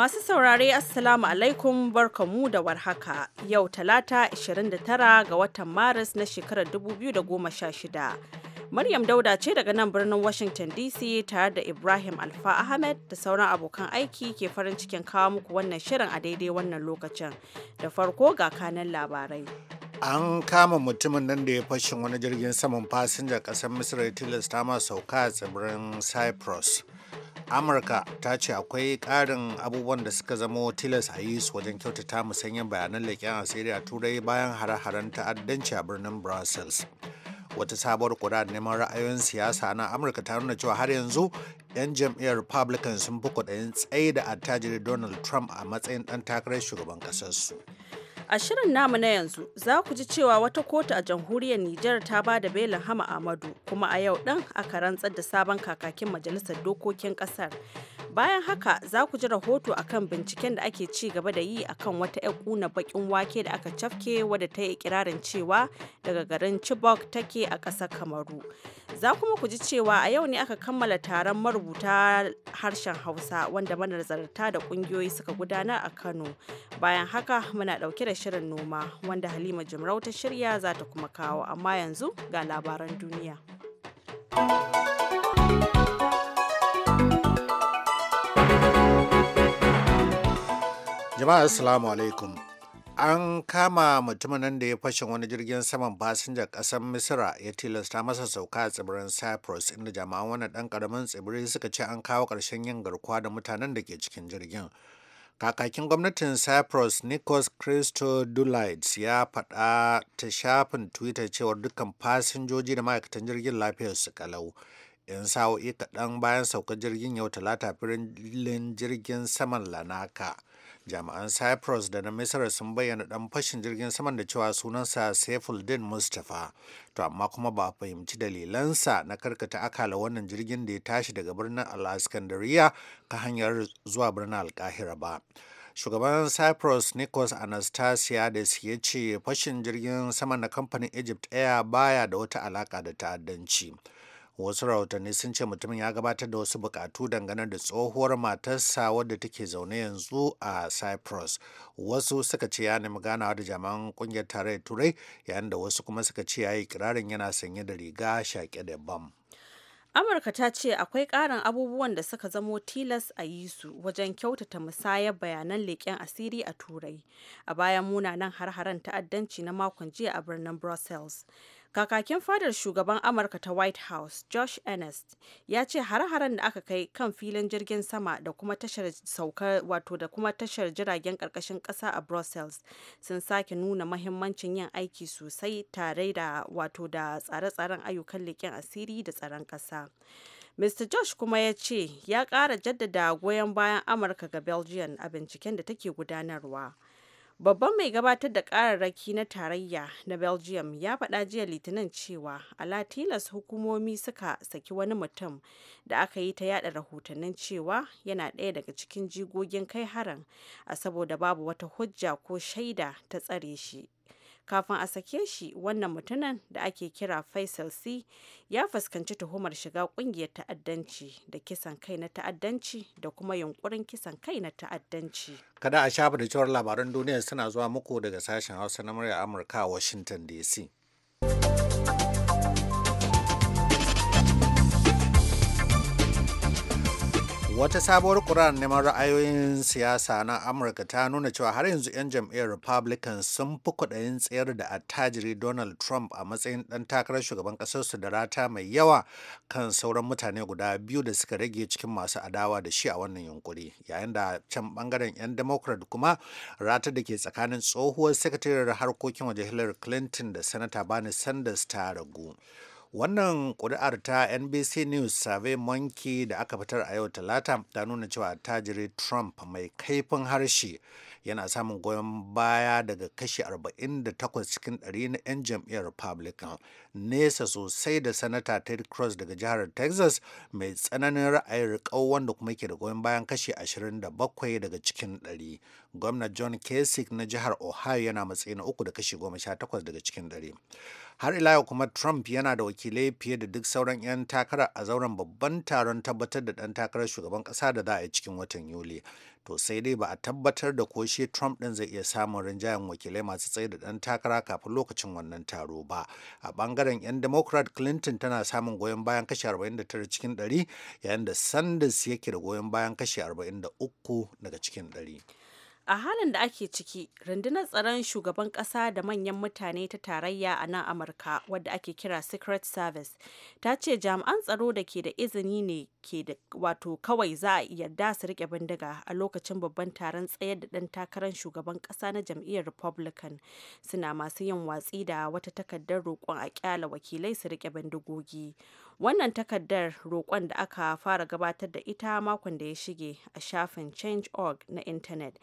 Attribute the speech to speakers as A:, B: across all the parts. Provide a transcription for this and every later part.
A: Masu saurare Assalamu alaikum barkamu da warhaka yau talata 29 ga watan Maris na shekarar 2016. Maryam Dauda ce daga nan birnin Washington DC tare da Ibrahim Alfa Ahmed da sauran abokan aiki ke farin cikin kawo muku wannan shirin a daidai wannan lokacin. Da farko ga kanan labarai.
B: An kama mutumin nan da ya fashin wani jirgin saman fasinja ƙasar Misira ya tilasta sauka a tsibirin Cyprus. amurka ta ce akwai ƙarin abubuwan da suka zama tilas a yi su wajen kyautata musanyen bayanan leƙen asiri a turai bayan hare-haren ta'addanci a birnin brussels wata sabuwar ƙuri'ar neman ra'ayoyin siyasa na amurka ta nuna cewa har yanzu 'yan jam'iyyar republican sun fi kwaɗayin tsaye da attajiri donald trump a matsayin ɗan takarar shugaban ƙasarsu.
A: su A shirin namu na yanzu za ku ji cewa wata kotu a jamhuriyar Nijar ta ba da belin Hama Amadu kuma a yau ɗin aka rantsar da sabon kakakin majalisar dokokin ƙasar. Bayan haka za ku ji rahoto akan binciken da ake ci gaba da yi a kan wata 'yar kuna bakin wake da aka cafke wadda ta yi ikirarin cewa daga garin Chibok take a ƙasar Kamaru. Za kuma ku ji cewa a yau ne aka kammala taron marubuta harshen Hausa wanda manazarta da ƙungiyoyi suka gudanar a Kano. Bayan haka muna ɗauke da shirin noma wanda Halima Jimrau ta shirya za ta kuma kawo amma yanzu ga labaran duniya.
B: Jama'a Assalamu alaikum. An kama mutumin nan da ya fashe wani jirgin saman fasinja ƙasar Misira ya tilasta masa sauka a tsibirin Cyprus inda jama'an wani dan karamin tsibiri suka ce an kawo karshen yin garkuwa da mutanen da ke cikin jirgin. Kakakin gwamnatin Cyprus Nikos Christodoulides ya faɗa ta shafin Twitter cewar dukkan fasinjoji da ma'aikatan jirgin lafiyar su kalau. in sa'o'i kaɗan bayan saukar jirgin yau talata filin jirgin saman Lanaka. jami'an cyprus da na misra sun bayyana dan fashin jirgin saman da cewa sunansa saifuldin mustapha to amma kuma ba a fahimci dalilansa na karkata akala wannan jirgin da ya tashi daga birnin al'askandariya ta hanyar zuwa birnin alkahira ba shugaban cyprus nikos anastasiades ya ce fashin jirgin saman na kamfanin egypt air baya da wata alaka da ta'addanci wasu rahotanni sun ce mutumin ya gabatar da wasu bukatu dangane da tsohuwar matarsa wadda take zaune yanzu a cyprus wasu suka ce ya nemi ganawa da jami'an kungiyar tarayyar turai yayin da wasu kuma suka ce ya yi kirarin yana sanye da riga shaƙe da bam
A: amurka ta ce akwai ƙarin abubuwan da suka zamo tilas a yi su wajen kyautata musayar bayanan leƙen asiri a turai a bayan munanan har-haren ta'addanci na makon jiya a birnin brussels Kakakin fadar shugaban Amurka ta White House, Josh Ernest, ya ce har haren da aka kai kan filin jirgin sama da kuma tashar sauka wato da kuma tashar jiragen karkashin ƙasa a Brussels sun sake nuna mahimmancin yin aiki sosai tare da wato da tsare-tsaren ayyukan leƙen asiri da tsaron ƙasa. Mr. Josh kuma ya ce ya ƙara jaddada goyon bayan Amurka ga Belgium a binciken da take gudanarwa. Babban mai gabatar da kararraki na tarayya na Belgium ya faɗa jiya Litinin cewa ala tilas hukumomi suka saki wani mutum da aka yi ta yada rahotannin cewa yana ɗaya daga cikin jigogin kai haran a saboda babu wata hujja ko shaida ta tsare shi. kafin a sake shi wannan mutumin da ake kira faisal c ya fuskanci tuhumar shiga kungiyar ta'addanci da kisan kai na ta'addanci da kuma yunkurin kisan kai na ta'addanci
B: kada a shafa da cewar labaran duniya suna zuwa muku daga sashen hausa na murya amurka a washington dc wata sabuwar ƙuri'ar neman ra'ayoyin siyasa na amurka ta nuna cewa har yanzu 'yan jam'iyyar republican sun fi kudayin tsayar da attajiri donald trump a matsayin ɗan takarar shugaban ƙasarsu da rata mai yawa kan sauran mutane guda biyu da suka rage cikin masu adawa da shi a wannan yunkuri yayin da can bangaren 'yan democrat kuma rata da ke tsakanin tsohuwar sakatariyar harkokin waje hillary clinton da sanata bani sanders ta ragu wannan ƙuri'ar ta nbc news survey monkey da aka fitar a yau talata ta nuna cewa tajiri trump mai kaifin harshe yana samun goyon baya daga kashi 48 cikin 100 na 'yan jam'iyyar republican nesa sosai da sanata ted cross daga jihar texas mai tsananin ra'ayin rikau wanda kuma ke da goyon bayan kashi 27 daga cikin 100 gwamna john kasich na jihar ohio yana matsayi na uku da kashi 18 daga cikin 100 har ila yau kuma trump yana da wakilai fiye da duk sauran 'yan takara a zauren babban taron tabbatar da ɗan takarar shugaban ƙasa da za a yi cikin watan yuli to sai dai ba a tabbatar da ko shi trump ɗin zai iya samun rinjayen wakilai masu tsaye da ɗan takara kafin lokacin wannan taro ba a ɓangaren 'yan democrat clinton tana samun goyon bayan kashi 49 cikin 100 yayin da sanders yake da goyon bayan kashi 43 daga cikin 100
A: a halin da ake ciki rundunar tsaron shugaban kasa da manyan mutane ta tarayya a nan amurka wadda ake kira secret service ta ce jami'an tsaro da ke da izini ne ke da wato kawai za a yarda su rike bindiga a lokacin babban taron tsayar da dan takarar shugaban kasa na jam'iyyar republican suna masu yin watsi da wata takardar roƙon a kyala wakilai su rike bindigogi Wannan takardar roƙon da aka fara gabatar da ita makon da ya shige a shafin change.org na intanet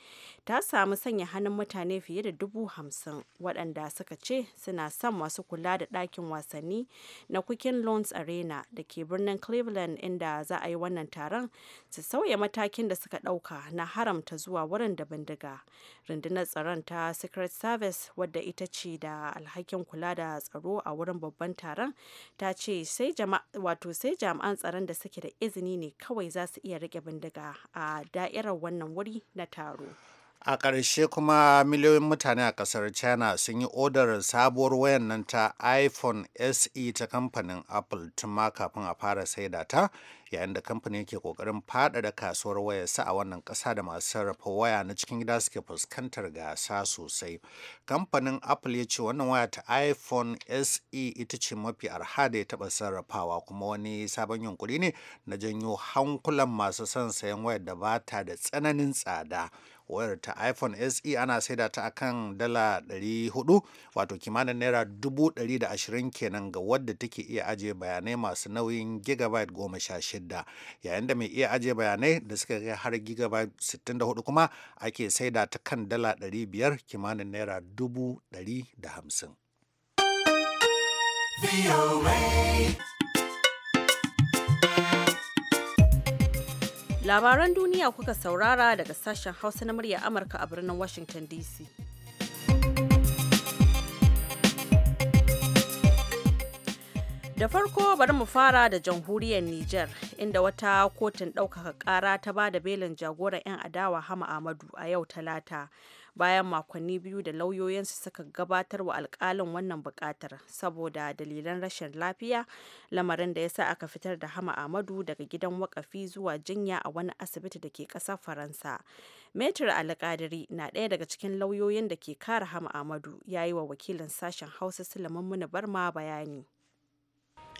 A: ta samu sanya hannun mutane fiye da dubu hamsin waɗanda suka ce suna son masu kula da ɗakin wasanni na Quicken Loans Arena da ke birnin Cleveland inda za a yi wannan taron su sauya matakin da suka ɗauka na haramta zuwa wurin da bindiga. Rundunar tsaron ta Secret Service wadda ita ce da alhakin kula da tsaro a wurin babban taron ta ce sai jama'a wato sai jami'an tsaron da suke da izini ne kawai za su iya rike bindiga a da'irar wannan wuri na taro
B: a ƙarshe kuma miliyoyin mutane a ƙasar china sun yi odar sabuwar wayan nan ta iphone se ta kamfanin apple tun ma kafin a fara saida ta yayin da kamfanin yake ƙoƙarin faɗaɗa kasuwar sa a wannan ƙasa da masu sarrafa waya na cikin gida suke fuskantar gasa sosai kamfanin apple ya ce wannan waya ta iphone se ita ce mafi arha da ya taɓa sarrafawa kuma wani sabon yunkuri ne na janyo hankulan masu son sayan wayar da ba ta da tsananin tsada wayar ta iphone se ana saida ta a kan dala 400 wato kimanin naira 120 kenan ga wadda take iya ajiye bayanai masu nauyin gigabyte 16 yayin da mai iya ajiye bayanai da suka kai har gigabyte 64 kuma ake saida ta kan dala 500 kimanin naira 150
A: Labaran duniya kuka saurara daga sashen Hausa na murya Amurka a birnin Washington DC. Da farko bari mu fara da jamhuriyar niger inda wata kotun ɗaukaka ƙara ta ba da belin jagoran 'yan adawa Hama Amadu a yau Talata, bayan makonni biyu da lauyoyinsu suka gabatar wa alkalin wannan bukatar saboda dalilan rashin lafiya lamarin da ya sa aka fitar da hama amadu daga gidan wakafi zuwa jinya a wani asibiti da ke ƙasar faransa metir alkadiri na ɗaya daga cikin lauyoyin da ke kare hama amadu ya yi wa wakilin sashen hausa sulaiman muna barma bayani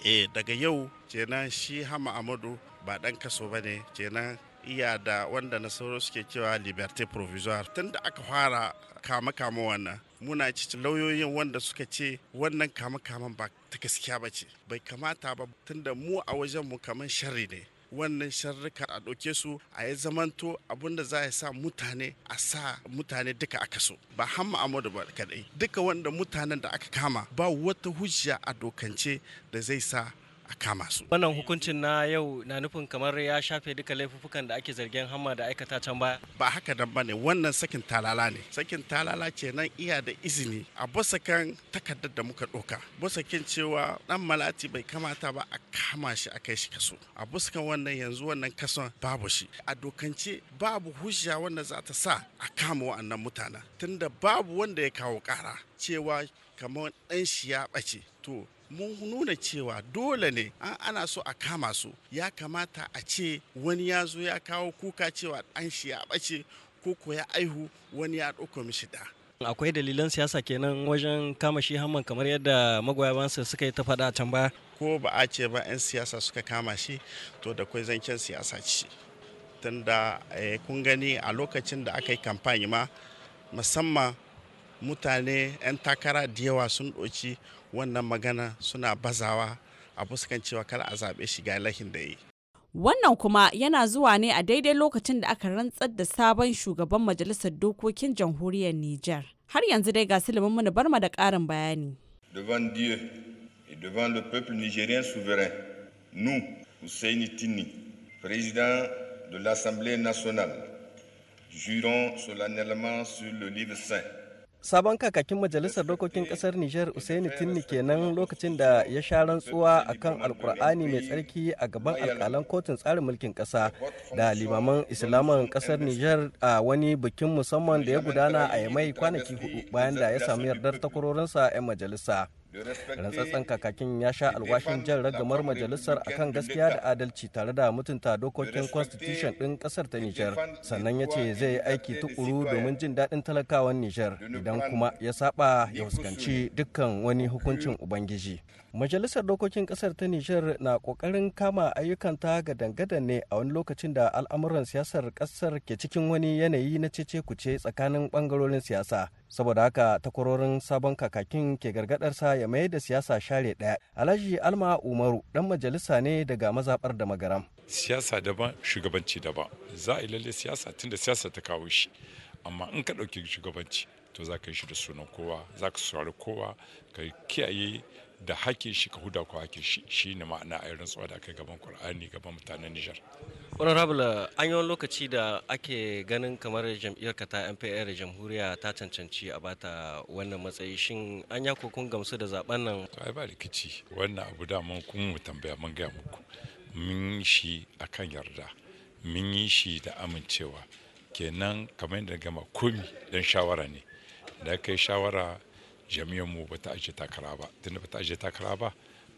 C: eh daga yau kenan shi hama amadu ba ɗan kaso ba ne kenan iya da wanda nasarar suke cewa liberté provisoire tun da aka fara kama-kama wannan muna cikin lauyoyin wanda suka ce wannan kama-kaman ba ta gaskiya ba ce bai kamata ba tun da mu a wajen mu kamar sharri ne wannan sharrika a ɗauke su a yi zamanto abinda za a sa mutane a sa mutane duka aka so ba hamma amadu ba kadai duka wanda mutanen da aka kama ba wata hujja a dokance da zai sa a kama su
D: wannan hukuncin na yau na nufin kamar ya shafe duka laifukan da ake zargin hamma da aikata can baya
C: ba haka dan bane wannan sakin talala ne sakin talala ce nan iya da izini a bisa takardar da muka doka busakin cewa dan malati bai kamata ba a kama shi a kai shi kaso a bisa wannan yanzu wannan kason babu shi a dokance babu hujja wanda za ta sa a kama wa'annan mutanen tunda babu wanda ya kawo kara cewa kamar dan shi ya ɓace to mun nuna cewa dole ne an ana so a kama su ya kamata a ce wani ya zo ya kawo kuka cewa an shi ya bace ko ko ya aihu wani ya ɗauko mishi da
D: akwai dalilan siyasa kenan wajen kama shi hamman kamar yadda magoya bansa suka yi ta faɗa a can
C: baya ko ba a ce ba 'yan siyasa suka kama shi to da kwai zancen siyasa ce tunda eh, kun gani a lokacin da aka yi kamfani ma musamman mutane 'yan takara da yawa sun ɗoci wannan magana suna bazawa a fuskan cewa kar a zaɓe shiga ga lahin da yi.
A: Wannan kuma yana zuwa ne a daidai lokacin da aka rantsar da sabon shugaban majalisar dokokin jamhuriyar Nijar. Har yanzu dai ga Suleiman mana Barma da ƙarin bayani.
E: Devant Dieu et devant le peuple nigérien souverain, nous, Hussaini Tini, président de l'Assemblée nationale, jurons solennellement sur le livre saint
D: Sabon kakakin Majalisar Dokokin Ƙasar Nijar Usaini Tinni kenan lokacin da ya sha rantsuwa a kan Alkur'ani mai tsarki a gaban alkalan kotun tsarin mulkin ƙasa da limaman Islaman ƙasar Nijar a wani bikin musamman da ya gudana a Yamai kwanaki hudu bayan da ya samu yardar takwarorinsa 'yan majalisa. rantsatsen kakakin ya sha alwashin jan ragamar majalisar akan gaskiya da adalci tare da mutunta dokokin constitution ɗin ƙasar ta nijar sannan ya ce zai yi aiki tukuru domin jin daɗin talakawan nijar idan kuma ya saba ya fuskanci dukkan wani hukuncin ubangiji Majalisar Dokokin kasar ta Nijar na kokarin kama ayyukanta ga dangadan ne a wani lokacin da al'amuran siyasar kasar ke cikin wani yanayi na cece kuce tsakanin bangarorin siyasa. Saboda haka takwarorin sabon kakakin ke gargadarsa ya mayar da siyasa share ɗaya. Alhaji Alma Umaru dan majalisa ne daga mazabar da magaram.
F: Siyasa daban shugabanci daban. Za a yi lalle siyasa tunda siyasa ta kawo shi. Amma in ka ɗauki shugabanci to za ka yi shi da sunan kowa za ka saurari kowa ka kiyaye da hakin shi ka huda ko hakin shi shi ne ma'ana a rantsuwa da aka gaban Kur'ani gaban mutanen Nijar.
D: Honorable an yi lokaci da ake ganin kamar jam'iyyar ka ta npr jamhuriya ta cancanci a bata wannan matsayi shin an ya kun gamsu da zaben nan. To ai ba rikici wannan
F: abu da mun kuma mu tambaya mun gaya muku mun shi akan yarda mun yi shi da amincewa kenan kamar yadda gama komi dan shawara ne da aka shawara jami'an mu bata aje takara ba tunda bata aje takara ba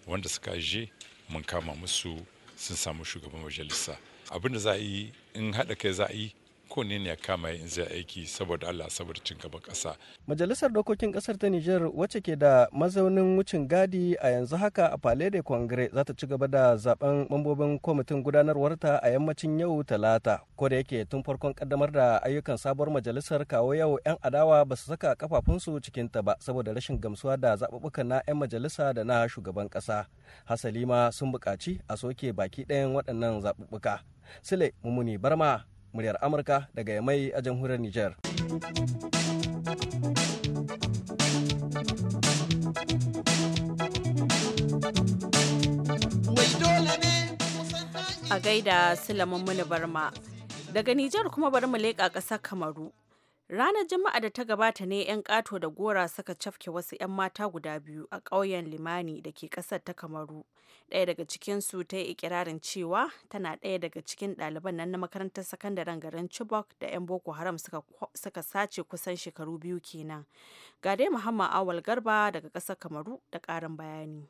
F: wanda suka aje mun kama musu sun samu shugaban majalisa abin da za a yi in haɗa kai za a yi kone ne ya kama in zai aiki saboda Allah saboda cin gaban ƙasa.
D: Majalisar Dokokin Ƙasar ta Nijar wacce ke da mazaunin wucin gadi a yanzu haka a Palais de Congrès za ta ci gaba da zaben mambobin kwamitin gudanarwarta a yammacin yau Talata. Ko da yake tun farkon kaddamar da ayyukan sabuwar majalisar kawo yau 'yan adawa ba su saka kafafunsu cikin ta ba saboda rashin gamsuwa da zaɓuɓɓukan na 'yan majalisa da na shugaban ƙasa. Hasali ma sun bukaci a soke baki ɗayan waɗannan zaɓuɓɓuka. Sule Mumuni Barma muryar Amurka daga Yamai a jamhuriyar Nijar.
A: A gaida Sulaiman Muni Barma. Daga Nijar kuma bari mu leƙa ƙasar Kamaru. Ranar Juma'a da ta gabata ne 'yan ƙato da gora suka cafke wasu 'yan mata guda biyu a ƙauyen Limani da ke ƙasar ta Kamaru. Ɗaya daga cikinsu ta yi ikirarin cewa tana ɗaya daga cikin ɗaliban nan na makarantar sakandaren garin Chibok da 'yan Boko Haram suka, suka sace kusan shekaru biyu kenan. Ga dai Muhammad Awal Garba daga ƙasar Kamaru da ƙarin bayani.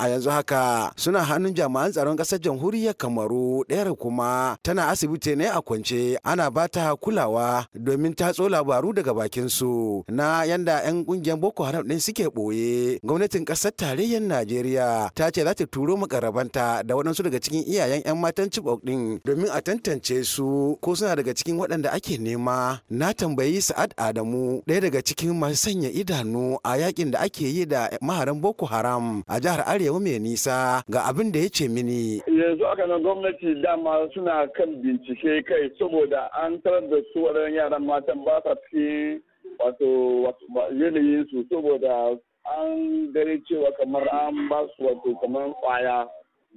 G: a yanzu haka suna hannun jami'an tsaron ƙasar jamhuriyar kamaru ɗayar kuma tana asibiti ne a kwance ana ba ta kulawa domin tatso labaru daga bakin su na yanda 'yan ƙungiyar boko haram ɗin suke ɓoye gwamnatin ƙasar tarayyar najeriya ta ce za ta turo makarabanta da waɗansu daga cikin iyayen 'yan matan cibok ɗin domin a tantance su ko suna daga cikin waɗanda ake nema na tambayi sa'ad adamu ɗaya daga cikin masu sanya idanu a yakin da ake yi da maharan boko haram a jihar arewa yau mai nisa ga abin da ya ce mini.
H: Yanzu aka nan gwamnati dama suna kan bincike kai saboda an tarar da su waɗannan yaran matan ba sa cikin wato yanayin su saboda an gani cewa kamar an ba su wato kamar kwaya.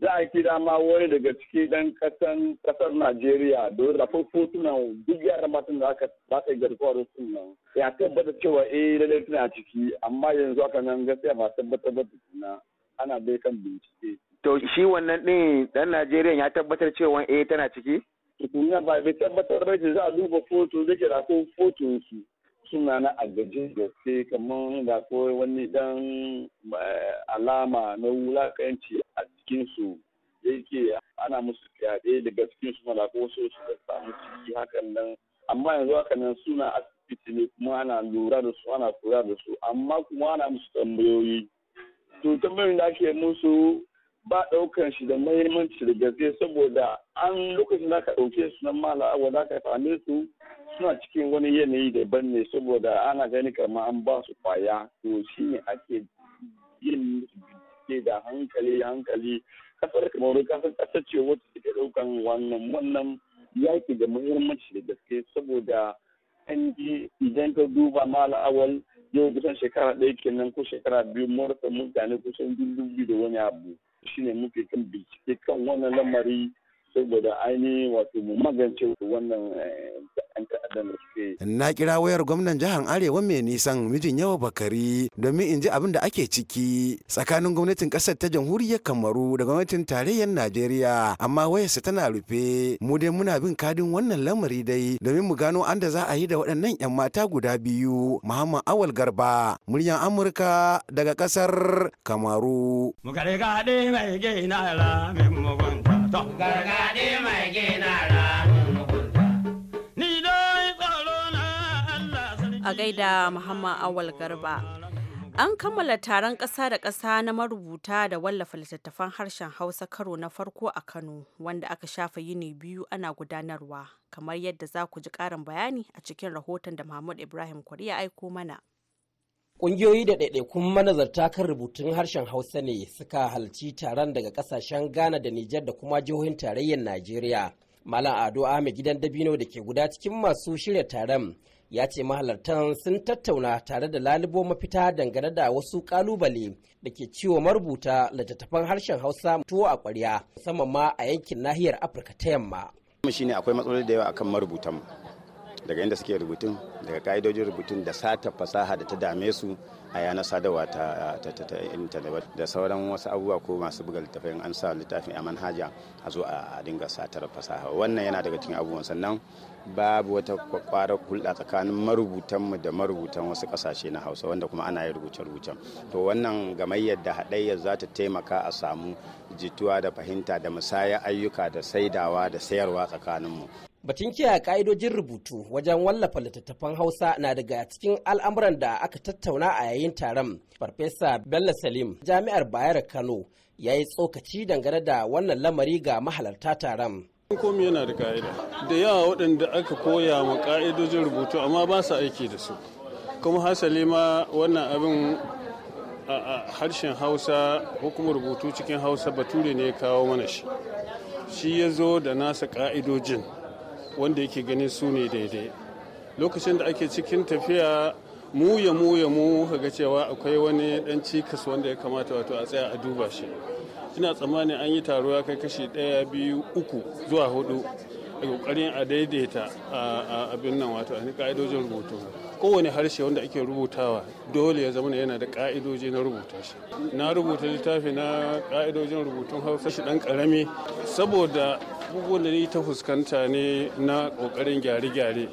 H: Za a kira ma wani daga ciki dan ƙasan ƙasar Najeriya don rafin fotunan duk yaran matan da aka ba ta garkuwa da su nan. Ya tabbata cewa eh lallai tana ciki amma yanzu aka nan gaskiya ba tabbatar ba tukuna. ana dai kan bincike to shi wannan ɗin ɗan najeriya ya tabbatar cewa eh tana ciki tukunya ba bai tabbatar ba za a duba foto zai da ko foto su suna na agajin gaske kamar da ko wani dan eh, alama na wulakanci a jikinsu yake ana musu fyaɗe da gaske su mala ko so su da samu ciki hakan nan amma yanzu haka nan suna asibiti ne kuma ana lura da su ana kula da su amma kuma ana musu tambayoyi to mai da ke musu ba ɗaukar shi da mahimmanci da gaske saboda an lokacin da ka dauke su nan mala za ka same su suna cikin wani yanayi daban ne saboda ana gani kama an ba su kwaya to shi ne ake yin bincike da hankali hankali kasar kamar kasar kasar ce wata take daukan wannan wannan yaki da muhimmanci da gaske saboda an idan ka duba mala awal yau kusan shekara ɗaya kenan ko shekara biyu mun rasa mutane kusan dubu biyu da wani abu shine muke kan bincike kan wani lamari saboda ainihin wato mu magance wannan eh,
G: na kira wayar gwamnan jihar arewa mai nisan mijin yawa bakari domin in ji abin da ake ciki tsakanin gwamnatin kasar ta jamhuriyar kamaru da gwamnatin tarayyar najeriya amma wayarsa tana rufe mu dai muna bin kadin wannan lamari dai domin mu gano an da za a yi da waɗannan 'yan mata guda biyu muhammad awal garba muryan amurka daga kasar kamaru mu
E: mai gina la mai mugunta Gargaɗi
A: A gaida Muhammad Awal Garba. An kammala taron ƙasa da ƙasa na marubuta da wallafa littattafan harshen Hausa karo na farko a Kano wanda aka shafa yini biyu ana gudanarwa kamar yadda za ku ji ƙarin bayani a cikin rahoton da Mahmud Ibrahim Kwari ya aiko mana.
I: Ƙungiyoyi da ɗaiɗaikun manazarta kan rubutun harshen Hausa ne suka halci taron daga ƙasashen Ghana da Nijar da kuma jihohin tarayyar Najeriya. Malam Ado Ame gidan Dabino da ke guda cikin masu shirya taron ya ce mahalartan sun tattauna tare da lalubo mafita dangane da wasu ƙalubale da ke ciwo marubuta littattafan harshen hausa tuwo a kwarya musamman ma a yankin nahiyar afirka ta yamma
E: shine akwai matsaloli da yawa akan marubutan daga inda suke rubutun daga ka'idojin rubutun da sata fasaha da ta dame su a yanar sadarwa ta intanet da sauran wasu abubuwa ko masu buga littafin an sa littafin a manhaja a zo a dinga satar fasaha wannan yana daga cikin abubuwan sannan babu wata kwakwarar hulɗa tsakanin marubutan mu da marubutan wasu ƙasashe na hausa wanda kuma ana yin rubuce-rubucen to wannan gamayyar da haɗayyar za ta taimaka a
I: samu jituwa da fahimta da musaya ayyuka da saidawa da sayarwa tsakanin mu. Batun kiyaye ka'idojin rubutu wajen wallafa littattafan Hausa na daga cikin al'amuran da aka tattauna a yayin taron. Farfesa Bello Salim, Jami'ar Bayero Kano, ya yi tsokaci dangane da wannan lamari ga mahalarta taron.
J: komi yana da ka'ida da yawa waɗanda aka koya ma ka'idojin rubutu amma ba su aiki da su kuma hasali ma wannan abin a harshen hausa ko kuma rubutu cikin hausa bature ne ya kawo mana shi shi ya zo da nasa ka'idojin wanda yake ganin su ne daidai lokacin da ake cikin tafiya mu ya mu ya mu kaga cewa akwai wani dan cikas wanda ya kamata wato a tsaya a duba shi ina tsammanin an yi taro ya kai kashi ɗaya biyu uku zuwa hudu a kokarin a daidaita a abin nan wato a ka'idojin rubutu kowane harshe wanda ake rubutawa dole ya zama yana da ka'idoji na rubuta shi na rubuta littafi na ka'idojin rubutun hausa shi dan karami saboda abubuwan da ni ta fuskanta ne na kokarin gyare-gyare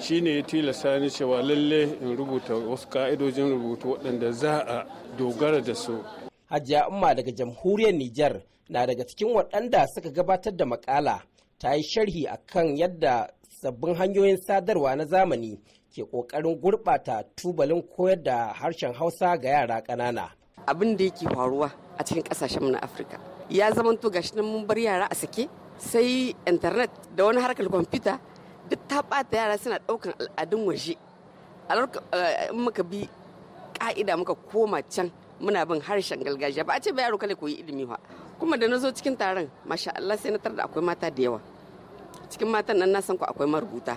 J: shi ne ya tilasta ni cewa lalle in rubuta wasu ka'idojin rubutu waɗanda za a dogara da su
I: hajiya umma daga jamhuriyar niger na daga cikin waɗanda suka gabatar da makala ta yi sharhi akan yadda sabbin hanyoyin sadarwa na zamani ke kokarin gurɓata tubalin koyar da harshen Hausa ga yara ƙanana. Abin da yake faruwa a cikin ƙasashenmu na Afirka
A: ya zamanto gashi nan mun bar yara a sake sai internet da wani harkar kwamfuta duk ta ɓata yara suna ɗaukan al'adun waje. Eh, in muka bi ƙa'ida muka koma can muna bin harshen gargajiya ba a ce ba yaro kale koyi ilimi ba kuma da na zo cikin taron masha Allah sai na tarda akwai mata da yawa cikin matan nan na san ku akwai marubuta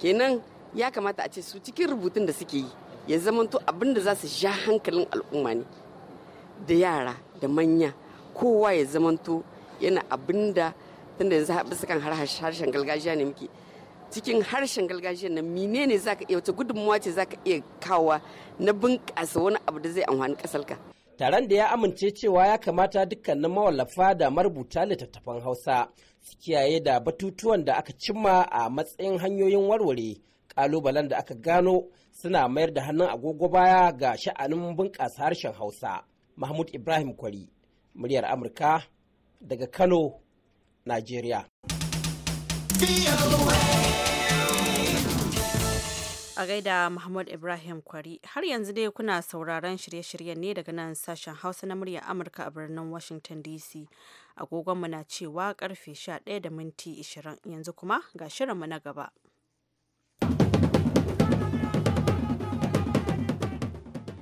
A: kenan ya kamata a ce su cikin rubutun da suke yi ya zamanto abin da za su sha hankalin al'umma ne da yara da manya kowa ya zamanto yana abin da tunda yanzu bisa kan harshen gargajiya ne muke cikin harshen gargajiya na za zaka iya wata gudunmawa ce zaka iya
I: kawa na bunƙasa wani abu da zai amfani ƙasarka taron da ya amince cewa ya kamata dukkanin mawallafa da marubuta littattafan hausa su kiyaye da batutuwan da aka cimma a matsayin hanyoyin warware kalubalen da aka gano suna mayar da hannun agogo baya ga sha'anin bunƙasa harshen hausa mahmud ibrahim kwari muryar amurka daga kano Najeriya.
A: a gaida Muhammad Ibrahim Kwari har yanzu dai kuna sauraron shirye-shiryen ne daga nan sashen Hausa na muryar Amurka a birnin Washington DC. Agogonmu na cewa karfe 11 da minti 20 yanzu kuma ga shirinmu na gaba.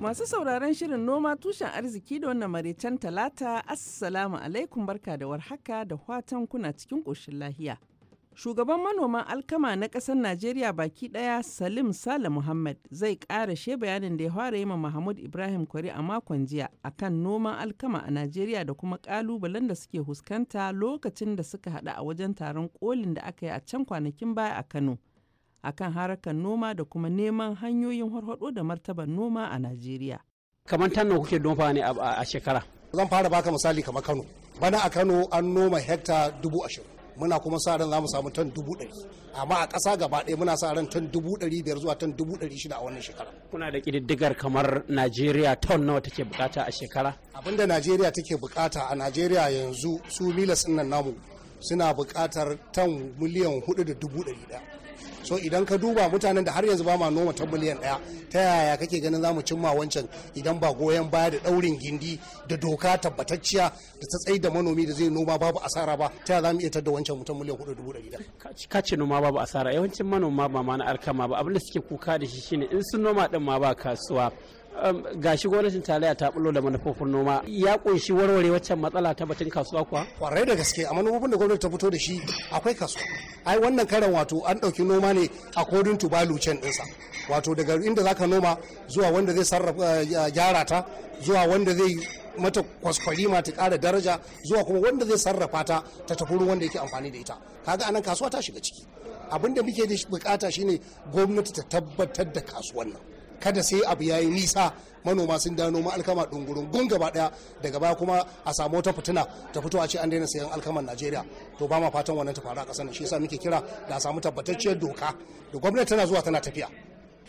K: Masu sauraron shirin noma tushen arziki da wannan maraicen talata, Assalamu alaikum barka da warhaka da watan kuna cikin ƙoshin lahiya. Shugaban manoman alkama na ƙasar Najeriya baki ɗaya Salim Sale Muhammad zai ƙara she bayanin da ya fara yi ma Mahmud Ibrahim Kwari a makon jiya a kan noman alkama a Najeriya da kuma ƙalubalen da suke huskanta lokacin da suka haɗa a wajen taron kolin da aka yi a can kwanakin baya a Kano. akan harkar noma da kuma neman hanyoyin harhaɗo da martabar noma a Najeriya.
L: Kamar tan kuke noma ne a shekara? Zan fara baka misali kamar Kano. Bana a Kano an noma hekta dubu ashirin. muna kuma sa ran za mu samu tan dubu ɗari amma a ƙasa gaba ɗaya muna sa ran tan dubu ɗari biyar zuwa tan dubu ɗari shida a wannan shekara. kuna
I: da ƙididdigar kamar najeriya ton nawa take buƙata a shekara.
L: abinda najeriya take buƙata, a najeriya yanzu su milas nan namu suna bukatar tan miliyan hudu da dubu ɗari ɗaya so idan ka duba mutanen da har yanzu ba ma noma ta miliyan daya ta yaya kake ganin za mu cimma wancan idan ba goyon baya da daurin gindi da doka tabbatacciya da ta tsayi da manomi da zai noma babu asara ba ta yaya za iya tadda wancan mutum miliyan hudu dubu ɗari
I: ka ce noma babu asara yawancin manoma ba ma na alkama ba abin da suke kuka da shi shine in sun noma din ma ba kasuwa Um, Ga shi gwamnatin tarayya ta bullo da manufofin noma ya kunshi warware waccan
L: matsala ta batun kasuwa kuwa kwarai da gaske a manufofin da gwamnati ta fito da shi akwai kasuwa ai wannan karan wato an ɗauki noma ne a kodin tubalu can dinsa. wato daga inda zaka noma zuwa wanda zai sarrafa gyara ta zuwa wanda zai mata kwaskwari ma ta ƙara daraja zuwa kuma wanda zai sarrafa ta ta tafi wanda yake amfani da ita kaga anan kasuwa ta shiga ciki Abinda muke da muke bukata shine gwamnati ta tabbatar da kasuwan nan kada sai abu ya yi nisa manoma sun dano ma alkama dungurun gun gaba ɗaya daga baya kuma a samu wata fitina ta fito a ce an daina sayan alkaman najeriya to ba ma fatan wannan ta faru a ƙasar shi yasa muke kira da a samu tabbatacciyar doka da gwamnati tana zuwa tana tafiya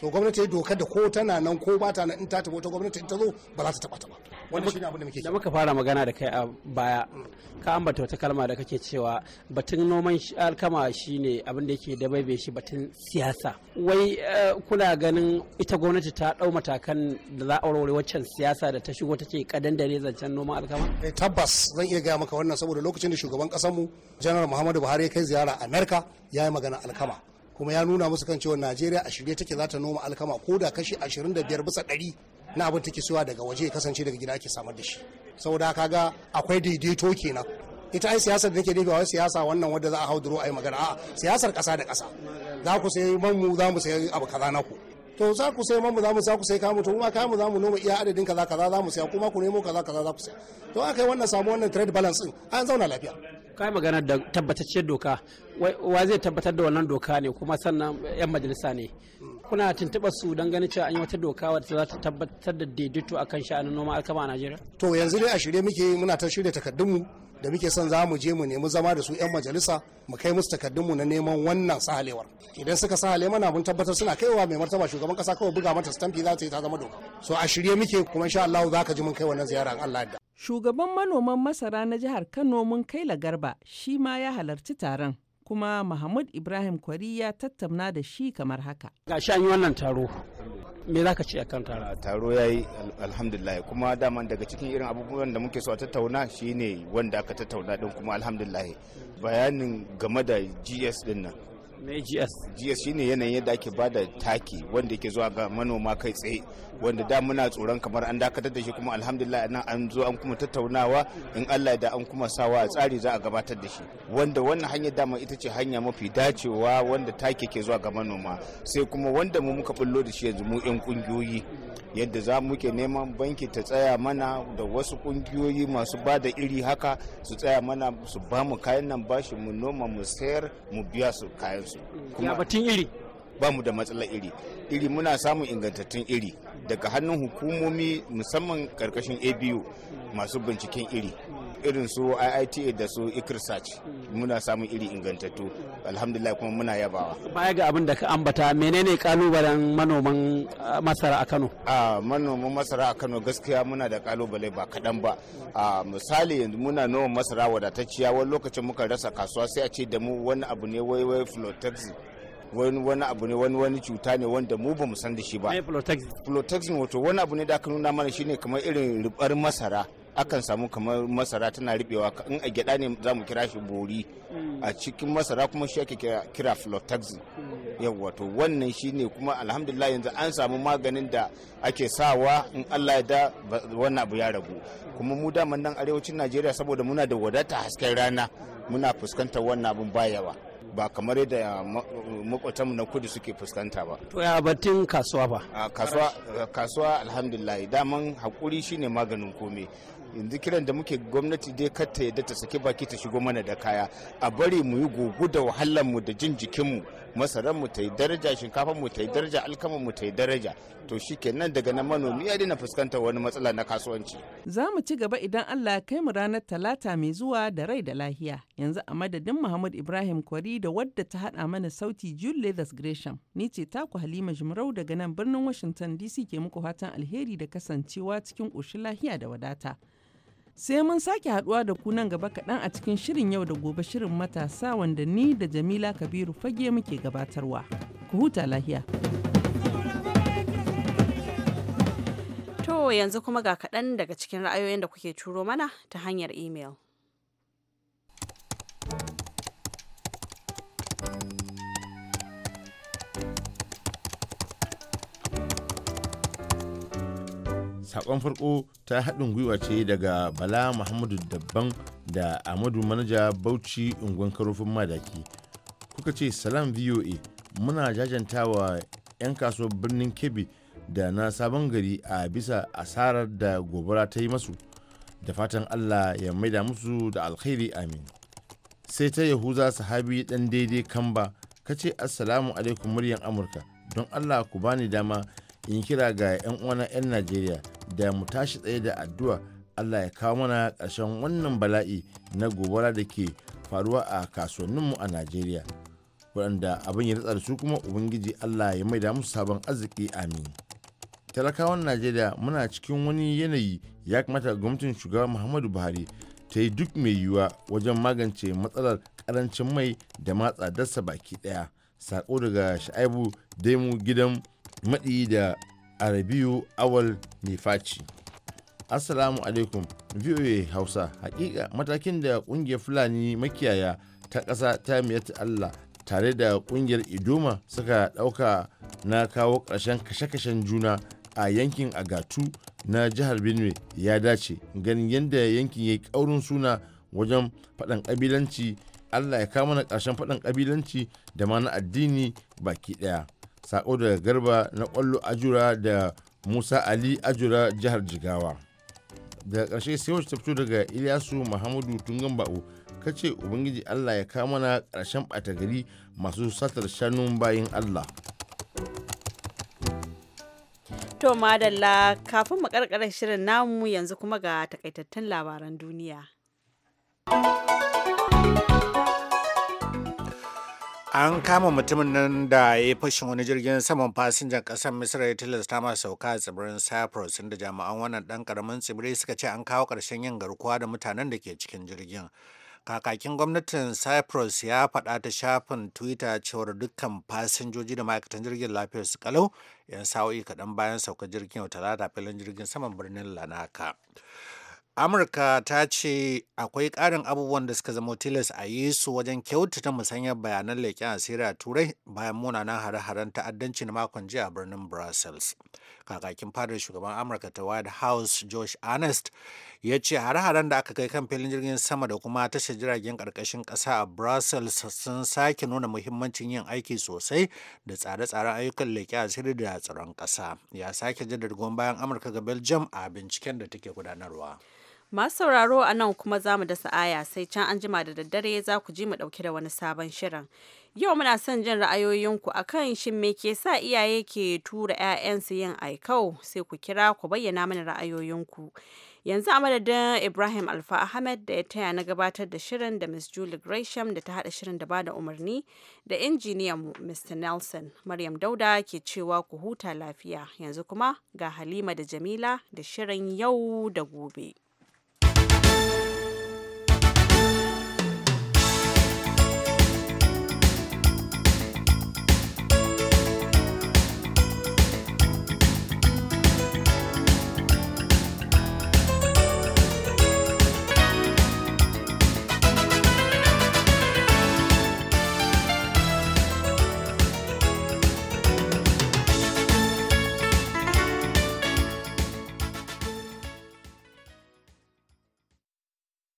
L: so gwamnati ya doka da ko tana nan ko ba ta nan in ta tafi gwamnati in ta zo ba za ta taba ta ba wannan shine abin da muke da
I: muka fara magana da kai a baya ka ambata wata kalma da kake cewa batun noman alkama shine abin da yake bai shi batun siyasa wai eh, kuna ganin ita gwamnati ta dau matakan da za a warware waccan siyasa da ta shigo take kadan dare zancen noman alkama eh tabbas
L: zan iya gaya maka wannan saboda lokacin da shugaban kasar mu general muhammadu buhari ya kai ziyara a ya yi magana alkama kuma ya nuna musu kan cewa najeriya a shirye take za ta noma alkama ko da kashi 25 bisa 100 na abin take suwa daga waje kasance daga gida ake samar da shi saboda ga akwai daidaito kenan ita ai siyasar da nake nufi wai siyasa wannan wadda za a hauduro a yi magana a'a siyasar kasa da kasa za ku sayi man mu za mu sayi abu kaza na ku to za ku sayi man mu za mu sai ku sayi kamu to kuma kamu za mu noma iya adadin kaza kaza za mu saya kuma ku nemo kaza kaza za ku saya to aka yi wannan samu wannan trade balance din an zauna lafiya
I: kai magana da tabbatacciyar doka wa zai tabbatar da wannan doka ne kuma sannan yan majalisa ne kuna tuntuɓar su don ganin cewa an yi wata doka wadda za ta tabbatar da daidaito akan sha'anin noma alkama a Najeriya
L: to yanzu dai a shirye muke muna ta shirya takardunmu da muke son za mu je mu nemi zama da su 'yan majalisa mu kai musu takardunmu na neman wannan sahalewar idan suka sahale mana mun tabbatar suna kaiwa mai martaba shugaban kasa kawai buga mata stampi za ta yi ta zama doka so a shirye muke kuma insha Allah za ka ji mun kai wannan ziyara in Allah da
K: shugaban manoman masara na jihar Kano mun kai la garba shi ma ya halarci taron kuma Mahmud Ibrahim Kwari ya tattauna da shi kamar haka.
I: Ga shi an yi wannan taro. Me za ka ce akan taro?
E: Taro ya yi alhamdulillah kuma daman daga cikin irin abubuwan da muke so a tattauna shine wanda aka tattauna din kuma alhamdulillah bayanin game da GS din nan
I: na gs
E: gs shine yanayin yadda ake da taki wanda yake zuwa ga manoma kai tsaye wanda da muna tsoron kamar an dakatar da shi kuma alhamdulillah nan an zo an kuma tattaunawa in allah da an kuma sawa a tsari za a gabatar da shi wanda wannan hanyar dama ita ce hanya mafi dacewa wanda taki ke zuwa ga manoma sai kuma wanda mu muka bullo da shi yanzu mu yan kungiyoyi yadda za mu ke neman banki ta tsaya mana da wasu kungiyoyi masu ba da iri haka su tsaya mana su ba mu kayan nan bashi mu noma mu sayar mu biya su kayan su mm. ya batun iri ba mu da matsalar iri iri muna samun ingantattun iri daga hannun hukumomi musamman karkashin abu masu binciken iri irin su IITA da su ICRSACH muna samun iri ingantattu alhamdulillah kuma muna yabawa
I: baya ga abin da ka ambata menene kalubalen manoman ah, masara a
E: Kano a ah, manoman masara a Kano gaskiya muna da kalubale ba kaɗan ba a ah, misali yanzu muna noma masara wadatacciya wani lokacin muka rasa kasuwa sai a ce da mu wani abu ne wai wai flotaxi wani wani abu ne wani wani cuta ne wanda mu bamu san da shi ba. Flotaxin. Flotaxin wato wani abu ne da aka nuna mana shine kamar irin rubar masara akan samu kamar masara tana ribewa in a gyada ne za mu kira shi bori mm. a cikin masara kuma shi ake kira flotaxin mm. yawwa to wannan shi ne kuma alhamdulillah yanzu an samu maganin da ake sawa in Allah ya da wannan abu ya ragu kuma mu dama nan arewacin Najeriya saboda muna da wadata hasken rana muna fuskantar wannan abun bayawa ba kamar yadda eh, makwatanmu na kudu suke fuskanta ba.
I: To ya batun kasuwa ba? Eh,
E: kasuwa alhamdulillah daman hakuri shine maganin komai. yanzu kiran da muke gwamnati dai kar ta yadda ta saki baki ta shigo mana da kaya a bari mu yi gugu da wahalar mu da jin jikinmu masaran mu ta yi daraja shinkafar mu ta yi daraja alkama mu ta yi daraja to shi nan daga nan manomi ya daina fuskantar wani matsala na kasuwanci
K: za mu ci gaba idan Allah ya kai mu ranar talata mai zuwa da rai da lahiya yanzu a madadin Muhammad Ibrahim Kwari da wadda ta hada mana sauti Jude Leathers Gresham ni ce taku Halima Jumrau daga nan birnin Washington DC ke muku fatan alheri da kasancewa cikin ƙoshin lahiya da wadata. Sai mun sake haduwa da ku nan gaba kaɗan a cikin shirin yau da gobe shirin matasa wanda ni da Jamila Kabiru fage muke gabatarwa. Ku huta lahiya.
A: To yanzu kuma ga kaɗan daga cikin ra'ayoyin da kuke turo mana ta hanyar email
F: sakon farko ta haɗin gwiwa ce daga bala muhammadu dabban da amadu manaja bauchi unguwan karofin madaki kuka ce salam voa muna jajantawa 'yan kasuwar birnin kebbi da na sabon gari a bisa asarar da gobara ta yi masu da fatan allah ya maida musu da alkhairi amin sai ta yahuza sahabi ɗan daidai kamba ka ce assalamu alaikum muryan amurka don allah ku bani dama in kira ga 'yan uwana 'yan najeriya da mu tashi tsaye da addu'a Allah ya kawo mana ƙarshen wannan bala'i na gobara da ke faruwa a kasuwanninmu a Najeriya. Waɗanda abin ya da su kuma Ubangiji Allah ya maida musu sabon arziki amin. Talakawan Najeriya muna cikin wani yanayi ya kamata gwamnatin shugaba Muhammadu Buhari ta yi duk mai yiwuwa wajen magance matsalar ƙarancin mai da matsa dasa baki ɗaya. Sako daga Sha'ibu Daimu Gidan maɗi da a rabiu awal faci assalamu alaikum voa hausa hakika matakin da kungiyar fulani makiyaya ta ƙasa ta miyata allah tare da kungiyar idoma suka ɗauka na kawo ƙarshen kashe-kashen juna a yankin agatu na jihar benue ya dace ganin yadda yankin ya yi ƙaurin suna wajen faɗan ƙabilanci allah ya kama na ƙarshen faɗan ƙabilanci da ma na addini baki ɗaya sako da garba na kwallo ajura da musa ali ajura jihar jigawa da ƙarshe sai wacce ta fito daga ilyasu muhammadu tungan ba'u kace ubangiji allah ya kama na ƙarshen ɓata gari masu satar shanun bayin allah
A: to madalla kafin mu karkarar shirin namu yanzu kuma ga takaitattun labaran duniya
B: an kama mutumin nan da ya fashin wani jirgin saman fasinjan kasar misira ya tilasta masa sauka a tsibirin cyprus inda jami'an wannan dan karamin tsibiri suka ce an kawo karshen yin garkuwa da mutanen da ke cikin jirgin kakakin gwamnatin cyprus ya faɗa ta shafin twitter cewar dukkan fasinjoji da ma'aikatan jirgin lafiyar su kalau 'yan sa'o'i kaɗan bayan sauka jirgin talata filin jirgin saman birnin lanaka amurka ta ce akwai ƙarin abubuwan da suka zama tilas a yi su wajen kyautata musanyar bayanan leƙen asiri a turai bayan munanan hare-haren ta'addanci na makon jiya a birnin brussels kakakin fadar shugaban amurka ta white house josh Ernest ya ce hare-haren da aka kai kan filin jirgin sama da kuma tashar jiragen ƙarƙashin ƙasa a brussels sun sake nuna muhimmancin yin aiki sosai da tsare-tsaren ayyukan leƙen asiri da tsaron ƙasa ya sake jaddada bayan amurka ga belgium a binciken da take gudanarwa.
A: Masu sauraro a nan kuma za mu dasa aya sai can an jima da daddare za ku ji mu ɗauki da wani sabon shirin. Yau muna son jin ra'ayoyinku a kan shin me ke sa iyaye ke tura 'ya'yansu yin aikau sai ku kira ku bayyana mana ra'ayoyinku. Yanzu a madadin Ibrahim Alfa Ahmed da ya taya na gabatar da shirin da Miss Julie Gresham da ta haɗa shirin da bada umarni da injiniyan Mr. Nelson. Maryam Dauda ke cewa ku huta lafiya. Yanzu kuma ga Halima da Jamila da shirin yau da gobe.